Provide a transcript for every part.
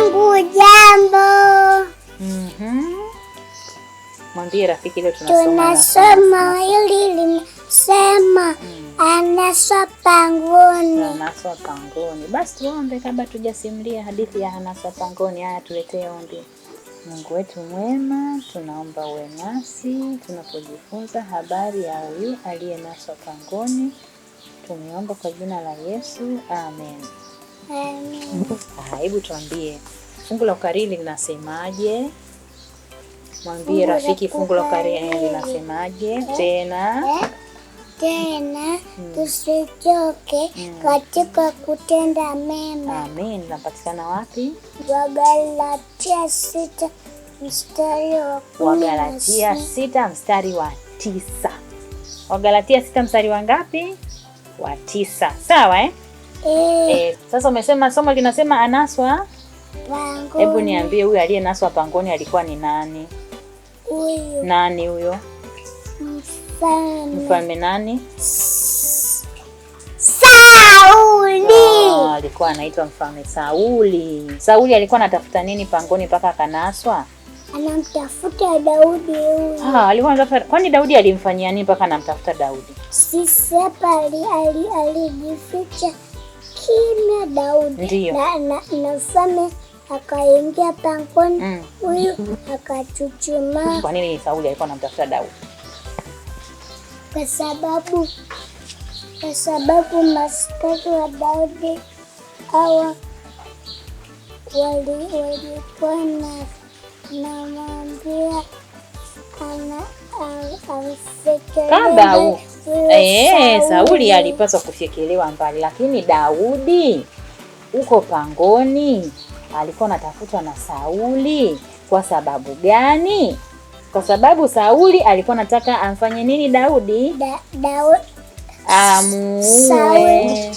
yangu jambo. Mhm. Mwambie rafiki leo tunasoma hili linasema mm. anaswa pangoni. Anaswa pangoni. Basi tuombe kabla tujasimulia hadithi ya anaswa pangoni. Haya, tuletee ombi. Mungu wetu mwema, tunaomba uwe nasi tunapojifunza habari ya huyu aliyenaswa pangoni. Tumeomba kwa jina la Yesu, amen. Ah, hebu tuambie fungu la ukarili linasemaje? Mwambie rafiki fungu la ukarili linasemaje tena tena hmm. Tusichoke hmm. katika kutenda mema. Amen. Napatikana wapi? Wagalatia sita mstari wa Wagalatia sita mstari wa tisa. Wagalatia sita mstari wa ngapi? Wa tisa. Sawa eh? Eh, eh, sasa umesema somo linasema anaswa pangoni. Hebu niambie huyu aliyenaswa pangoni alikuwa ni nani? Uyo. Nani huyo? Mfalme nani? Sauli. Oh, alikuwa anaitwa mfalme Sauli. Sauli alikuwa anatafuta nini pangoni mpaka akanaswa? Anamtafuta Daudi huyo. Ah, alikuwa anatafuta. Kwani Daudi alimfanyia nini mpaka anamtafuta Daudi? Sisi hapa ali alijificha ali, chini ya Daudi na, na, na mfalme akaingia pangoni, huyu mm. akachuchumaa. Kwa nini Sauli alikuwa anamtafuta Daudi? Kwa sababu kwa sababu maskari wa Daudi hawa walikuwa na namwambia amfikirie Sauli eh, alipaswa kufikiriwa mbali, lakini Daudi huko pangoni alikuwa anatafutwa na Sauli. Kwa sababu gani? Kwa sababu Sauli alikuwa anataka amfanye nini Daudi? Da, Daudi amuue.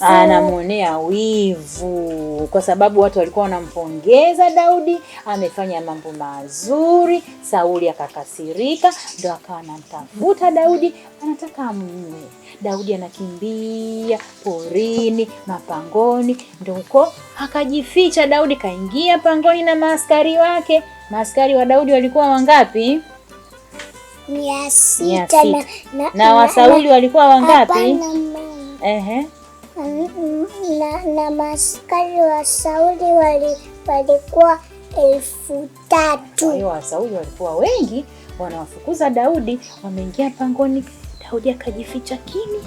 Anamwonea wivu kwa sababu watu walikuwa wanampongeza Daudi, amefanya mambo mazuri. Sauli akakasirika, ndo akawa anamtafuta Daudi, anataka amuue. Daudi anakimbia porini, mapangoni, ndo huko akajificha. Daudi kaingia pangoni na maaskari wake. Maaskari wa Daudi walikuwa wangapi? mia sita na, na, na Wasauli walikuwa wangapi? Ehe. Na, na maskari wa Sauli walikuwa elfu tatu. Kwa hiyo Wasauli walikuwa wengi, wanawafukuza Daudi, wameingia pangoni, Daudi akajificha kini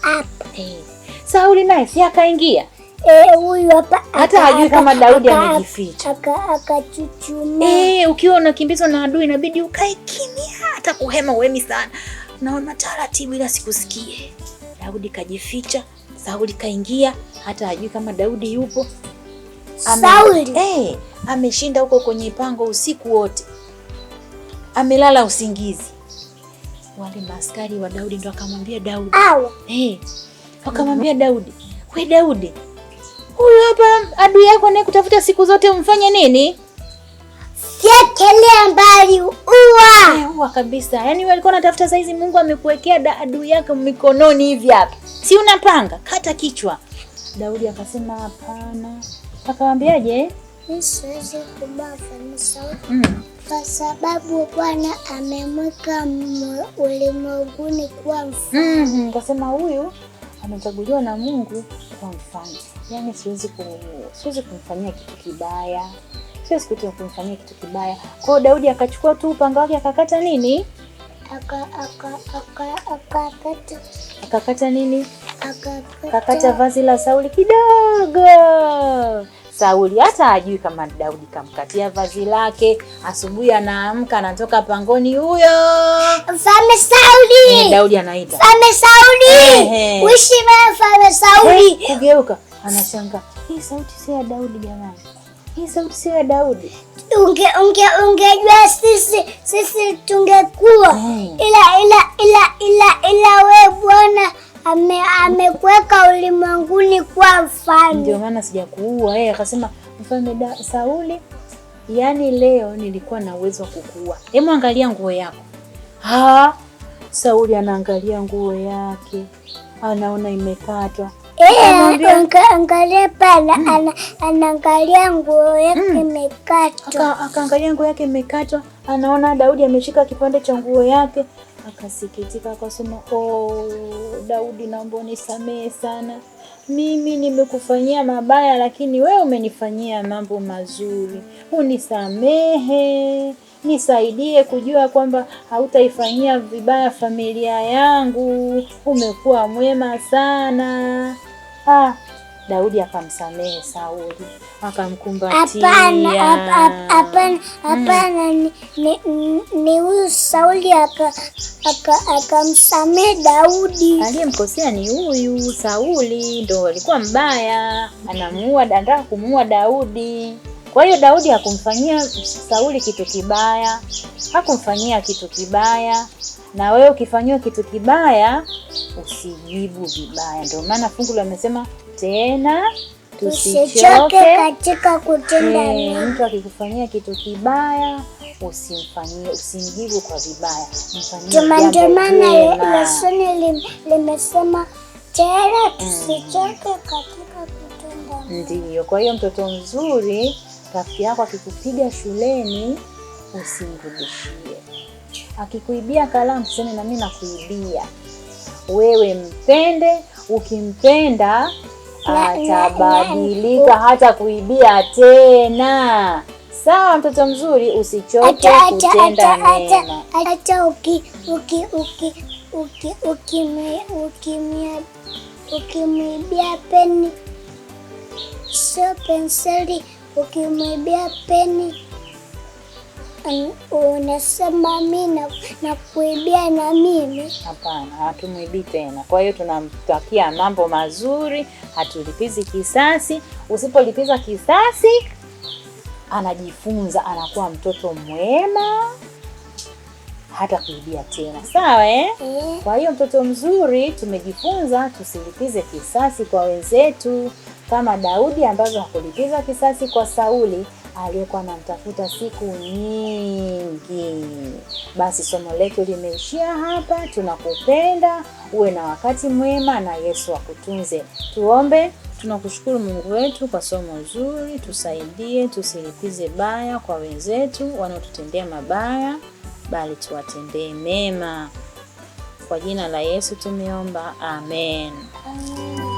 hapo. Eh. Sauli naye si akaingia e, huyu e, hapa hata hajui kama Daudi amejificha, akachuchuma. Eh, ukiwa unakimbizwa na adui inabidi ukae kimya hata kuhema uemi sana, naona taratibu ila sikusikie. Daudi kajificha, Sauli kaingia, hata hajui kama Daudi yupo. Ame, Sauli hey, eh, ameshinda huko kwenye pango usiku wote, amelala usingizi. Wale maaskari wa Daudi ndo akamwambia Daudi hey, eh, wakamwambia mm-hmm. Daudi, we Daudi, huyu hapa adui yako anayekutafuta kutafuta siku zote, umfanye nini? Fyekelea mbali, uwa uwa kabisa. Yaani wewe alikuwa unatafuta saizi Mungu amekuwekea adui yake mikononi hivi hapa, si unapanga kata kichwa. Daudi akasema hapana, akamwambiaje? Siwezi kubaa kanisa mm. kwa sababu Bwana amemweka ulimwenguni kuwa mfalme. Mm-hmm. Akasema huyu amechaguliwa na Mungu kwa mfalme, yaani siwezi kumfanyia kitu kibaya kila siku kumfanyia kitu kibaya. Kwa hiyo Daudi akachukua tu upanga wake akakata nini? Aka, aka, aka, aka, akakata. Akakata nini? Akakata. Akakata vazi la Sauli kidogo. Sauli hata ajui kama Daudi kamkatia vazi lake. Asubuhi anaamka anatoka pangoni, huyo mfalme Sauli. Eh, Daudi anaita mfalme Sauli, wishi mfalme Sauli. Kugeuka anashangaa, hii sauti si ya Daudi jamani. Hii sauti sio ya Daudi. Unge, unge, ungejua sisi sisi tungekuwa hey. Ila ila ila ila ila we Bwana ame amekuweka ulimwenguni kwa mfano. Ndio maana sijakuua yeye. Akasema mfalme Sauli, yaani leo nilikuwa na uwezo wa kukuua. Hebu angalia nguo yako. Ah, Sauli anaangalia nguo yake, anaona imekatwa Angalia pale, hmm. anaangalia nguo yake hmm. imekatwa, akaangalia nguo yake imekatwa, anaona Daudi ameshika kipande cha nguo yake, akasikitika, akasema oh, Daudi, naomba unisamehe sana, mimi nimekufanyia mabaya, lakini wewe umenifanyia mambo mazuri, unisamehe nisaidie kujua kwamba hautaifanyia vibaya familia yangu, umekuwa mwema sana. Ah, Daudi akamsamehe Sauli, akamkumbatia. Hapana, hapana, hmm. ni huyu Sauli akamsamehe Daudi. Aliyemkosea ni huyu Sauli, ndo alikuwa mbaya, anamuua, anataka kumuua Daudi. Kwa hiyo Daudi hakumfanyia Sauli kitu kibaya, hakumfanyia kitu kibaya. Na wewe ukifanyiwa kitu kibaya usijibu vibaya. Ndio maana fungu amesema tena tusichoke katika kutenda mema. Mtu akikufanyia kitu kibaya usimfanyie, usimjibu kwa vibaya, mfanyie. Ndio maana lesoni limesema tena mm. tusichoke katika kutenda mema. Ndio, kwa hiyo mtoto mzuri rafiki yako akikupiga shuleni usimrudishie, akikuibia kalamu tuseme na nakuibia wewe, mpende. Ukimpenda atabadilika hata kuibia tena. Sawa, mtoto mzuri, usichoke kutenda mema. Hata ukimwibia peni sio penseli ukimwibia peni unasema mi nakuibia na mimi. Hapana, hatumwibii tena. Kwa hiyo tunamtakia mambo mazuri, hatulipizi kisasi. Usipolipiza kisasi, anajifunza anakuwa mtoto mwema, hata kuibia tena. Sawa eh? eh. Kwa hiyo mtoto mzuri, tumejifunza tusilipize kisasi kwa wenzetu kama Daudi ambavyo hakulipiza kisasi kwa Sauli aliyekuwa anamtafuta siku nyingi. Basi somo letu limeishia hapa. Tunakupenda, uwe na wakati mwema na Yesu akutunze. Tuombe. Tunakushukuru Mungu wetu kwa somo zuri, tusaidie tusilipize baya kwa wenzetu wanaotutendea mabaya, bali tuwatendee mema. Kwa jina la Yesu tumeomba, amen, amen.